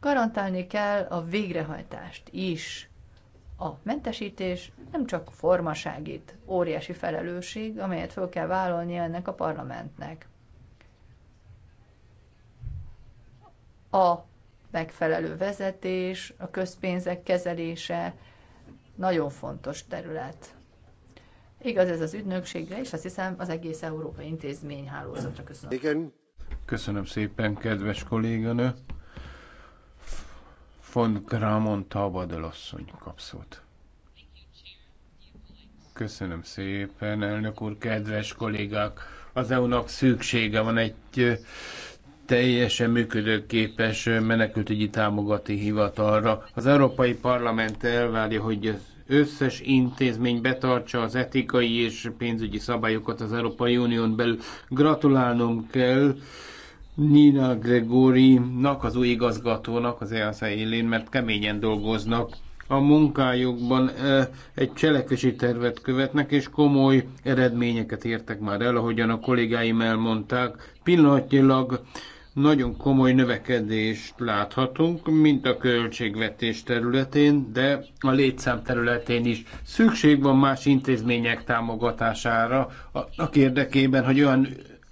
Garantálni kell a végrehajtást is. A mentesítés nem csak formaságít, óriási felelősség, amelyet föl kell vállalnia ennek a parlamentnek. a megfelelő vezetés, a közpénzek kezelése nagyon fontos terület. Igaz ez az ügynökségre, és azt hiszem az egész Európai Intézmény hálózatra köszönöm. Igen. Köszönöm szépen, kedves kolléganő. Von Gramon Tabadal asszony kapszót. Köszönöm szépen, elnök úr, kedves kollégák! Az EU-nak szüksége van egy teljesen működőképes menekültügyi támogati hivatalra. Az Európai Parlament elvárja, hogy az összes intézmény betartsa az etikai és pénzügyi szabályokat az Európai Unión belül. Gratulálnom kell Nina Gregori, nak az új igazgatónak az EASA élén, mert keményen dolgoznak a munkájukban egy cselekvési tervet követnek, és komoly eredményeket értek már el, ahogyan a kollégáim elmondták. Pillanatnyilag nagyon komoly növekedést láthatunk, mint a költségvetés területén, de a létszám területén is. Szükség van más intézmények támogatására, annak érdekében, hogy olyan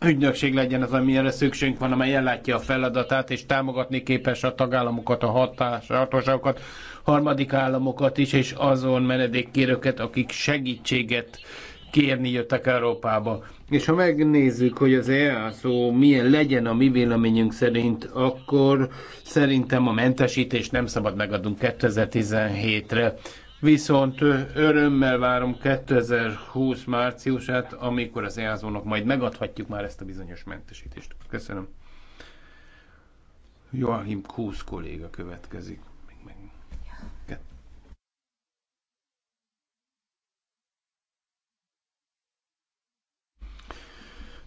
ügynökség legyen az, amire szükségünk van, amely ellátja a feladatát, és támogatni képes a tagállamokat, a hatás, hatóságokat, harmadik államokat is, és azon menedékkérőket, akik segítséget kérni jöttek Európába. És ha megnézzük, hogy az EASO milyen legyen a mi véleményünk szerint, akkor szerintem a mentesítést nem szabad megadunk 2017-re. Viszont örömmel várom 2020 márciusát, amikor az EASO-nak majd megadhatjuk már ezt a bizonyos mentesítést. Köszönöm. Joachim Kúsz kolléga következik.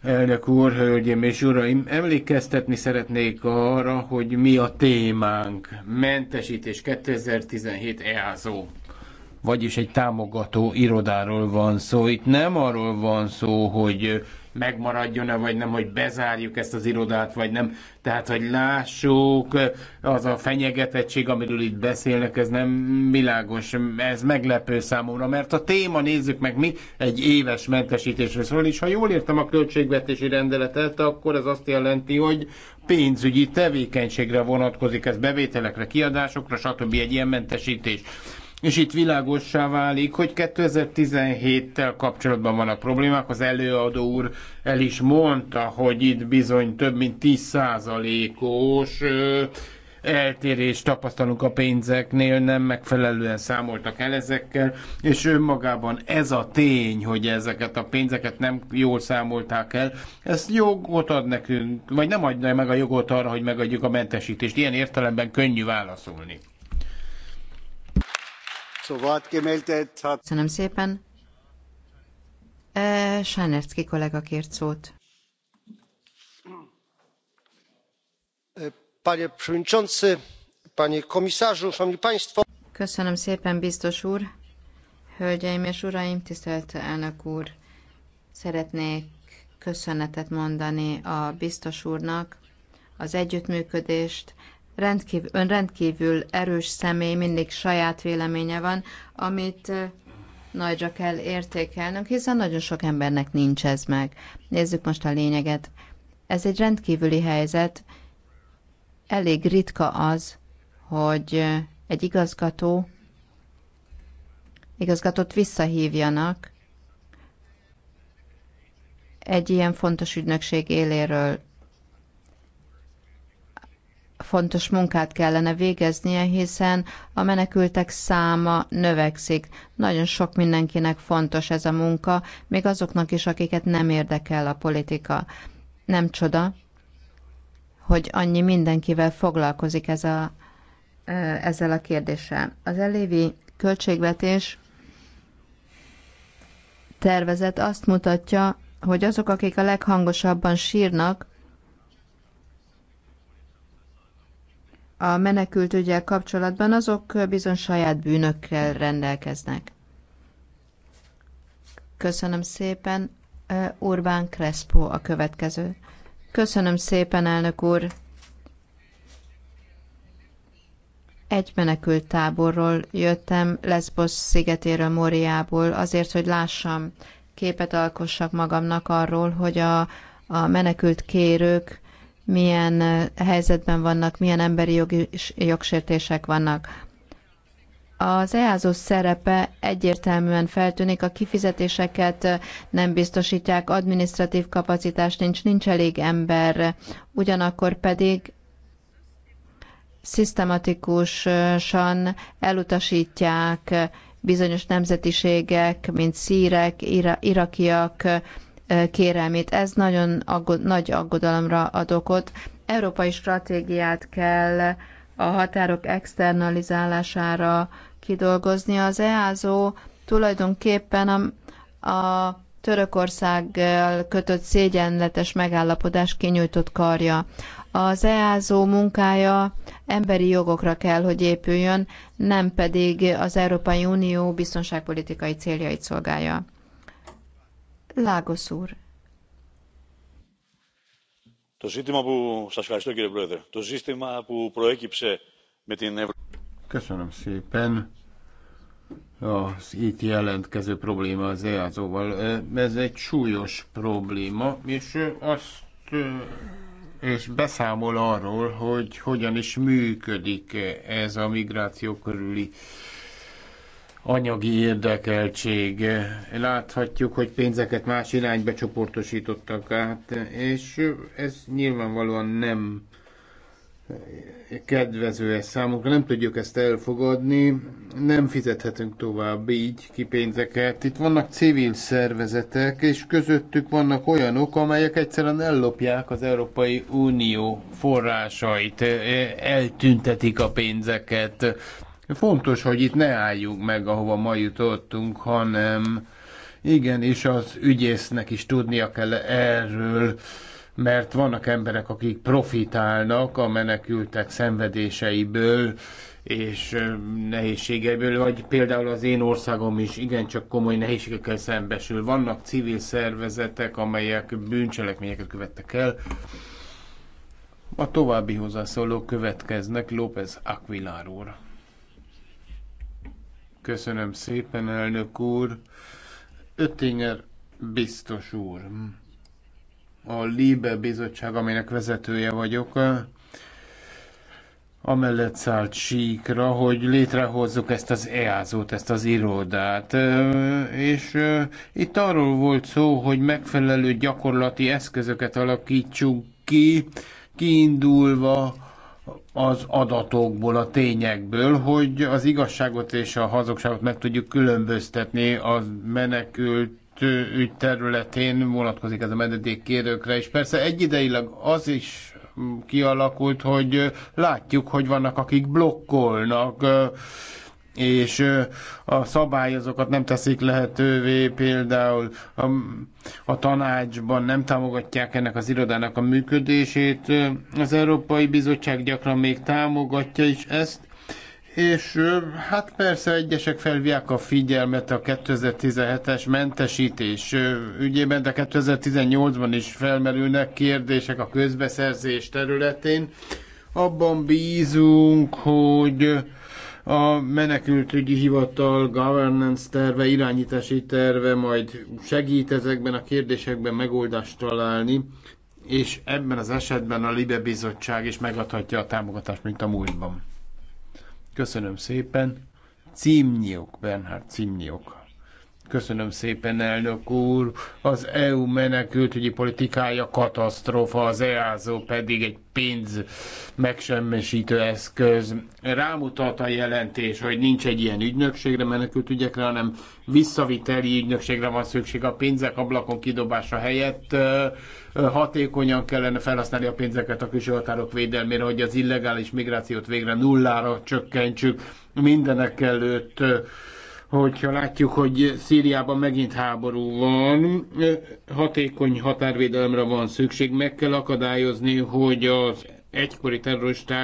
Elnök úr, hölgyeim és uraim, emlékeztetni szeretnék arra, hogy mi a témánk. Mentesítés 2017 EASO. Vagyis egy támogató irodáról van szó. Itt nem arról van szó, hogy megmaradjon-e, vagy nem, hogy bezárjuk ezt az irodát, vagy nem. Tehát, hogy lássuk, az a fenyegetettség, amiről itt beszélnek, ez nem világos, ez meglepő számomra, mert a téma, nézzük meg mi, egy éves mentesítésről szól, és ha jól értem a költségvetési rendeletet, akkor ez azt jelenti, hogy pénzügyi tevékenységre vonatkozik, ez bevételekre, kiadásokra, stb. egy ilyen mentesítés. És itt világossá válik, hogy 2017-tel kapcsolatban vannak problémák. Az előadó úr el is mondta, hogy itt bizony több mint 10%-os eltérést tapasztalunk a pénzeknél, nem megfelelően számoltak el ezekkel, és önmagában ez a tény, hogy ezeket a pénzeket nem jól számolták el, ez jogot ad nekünk, vagy nem adja meg a jogot arra, hogy megadjuk a mentesítést. Ilyen értelemben könnyű válaszolni. Köszönöm szépen. E, Sánevszki kollega kért szót. E, panie przewodniczący, panie komisarzu, szanowni państwo. Köszönöm szépen, biztos úr. Hölgyeim és uraim, tisztelt elnök úr, szeretnék köszönetet mondani a biztos úrnak, az együttműködést, rendkívül, ön rendkívül erős személy, mindig saját véleménye van, amit nagyra kell értékelnünk, hiszen nagyon sok embernek nincs ez meg. Nézzük most a lényeget. Ez egy rendkívüli helyzet. Elég ritka az, hogy egy igazgató igazgatót visszahívjanak egy ilyen fontos ügynökség éléről fontos munkát kellene végeznie, hiszen a menekültek száma növekszik. Nagyon sok mindenkinek fontos ez a munka, még azoknak is, akiket nem érdekel a politika. Nem csoda, hogy annyi mindenkivel foglalkozik ez a, ezzel a kérdéssel. Az elévi költségvetés tervezet azt mutatja, hogy azok, akik a leghangosabban sírnak, a menekültügyel kapcsolatban, azok bizony saját bűnökkel rendelkeznek. Köszönöm szépen. Urbán Crespo a következő. Köszönöm szépen, elnök úr. Egy menekült táborról jöttem, Lesbos szigetéről, Moriából, azért, hogy lássam, képet alkossak magamnak arról, hogy a, a menekült kérők milyen helyzetben vannak, milyen emberi jogi, jogsértések vannak. Az EASO szerepe egyértelműen feltűnik, a kifizetéseket nem biztosítják, administratív kapacitás nincs, nincs elég ember, ugyanakkor pedig szisztematikusan elutasítják bizonyos nemzetiségek, mint szírek, ira- irakiak, kérelmét. Ez nagyon aggod, nagy aggodalomra ad okot. Európai stratégiát kell a határok externalizálására kidolgozni. Az EASO tulajdonképpen a, a Törökországgal kötött szégyenletes megállapodás kinyújtott karja. Az EASO munkája emberi jogokra kell, hogy épüljön, nem pedig az Európai Unió biztonságpolitikai céljait szolgálja. Lágosz úr. Το ζήτημα που σας ευχαριστώ κύριε Πρόεδρε, το ζήτημα που προέκυψε με την Ευρω... Köszönöm szépen. Az itt jelentkező probléma az EASO-val, ez egy súlyos probléma, és azt és beszámol arról, hogy hogyan is működik ez a migráció körüli anyagi érdekeltség. Láthatjuk, hogy pénzeket más irányba csoportosítottak át, és ez nyilvánvalóan nem kedvező ez számunkra, nem tudjuk ezt elfogadni, nem fizethetünk tovább így ki pénzeket. Itt vannak civil szervezetek, és közöttük vannak olyanok, amelyek egyszerűen ellopják az Európai Unió forrásait, eltüntetik a pénzeket, Fontos, hogy itt ne álljunk meg, ahova ma jutottunk, hanem igen, és az ügyésznek is tudnia kell erről, mert vannak emberek, akik profitálnak a menekültek szenvedéseiből, és nehézségeiből, vagy például az én országom is igencsak komoly nehézségekkel szembesül. Vannak civil szervezetek, amelyek bűncselekményeket követtek el. A további hozzászólók következnek López Aquilar úr. Köszönöm szépen, elnök úr. Öttinger biztos úr, a Libe bizottság, aminek vezetője vagyok, amellett szállt síkra, hogy létrehozzuk ezt az easo ezt az irodát. És itt arról volt szó, hogy megfelelő gyakorlati eszközöket alakítsunk ki, kiindulva az adatokból, a tényekből, hogy az igazságot és a hazugságot meg tudjuk különböztetni a menekült ügy területén vonatkozik ez a menedékkérőkre, és persze egyidejileg az is kialakult, hogy látjuk, hogy vannak, akik blokkolnak, és a szabályozókat nem teszik lehetővé, például a, a tanácsban nem támogatják ennek az irodának a működését. Az Európai Bizottság gyakran még támogatja is ezt, és hát persze egyesek felviák a figyelmet a 2017-es mentesítés ügyében, de 2018-ban is felmerülnek kérdések a közbeszerzés területén. Abban bízunk, hogy a menekültügyi hivatal governance terve, irányítási terve majd segít ezekben a kérdésekben megoldást találni, és ebben az esetben a Libe Bizottság is megadhatja a támogatást, mint a múltban. Köszönöm szépen. Címnyiok, Bernhard, Címnyiok. Köszönöm szépen, elnök úr. Az EU menekültügyi politikája katasztrófa, az EASO pedig egy pénz megsemmisítő eszköz. Rámutat a jelentés, hogy nincs egy ilyen ügynökségre, menekültügyekre, hanem visszaviteli ügynökségre van szükség a pénzek ablakon kidobása helyett. Hatékonyan kellene felhasználni a pénzeket a külső határok védelmére, hogy az illegális migrációt végre nullára csökkentsük. Mindenek előtt hogyha látjuk, hogy Szíriában megint háború van, hatékony határvédelemre van szükség, meg kell akadályozni, hogy az egykori terroristák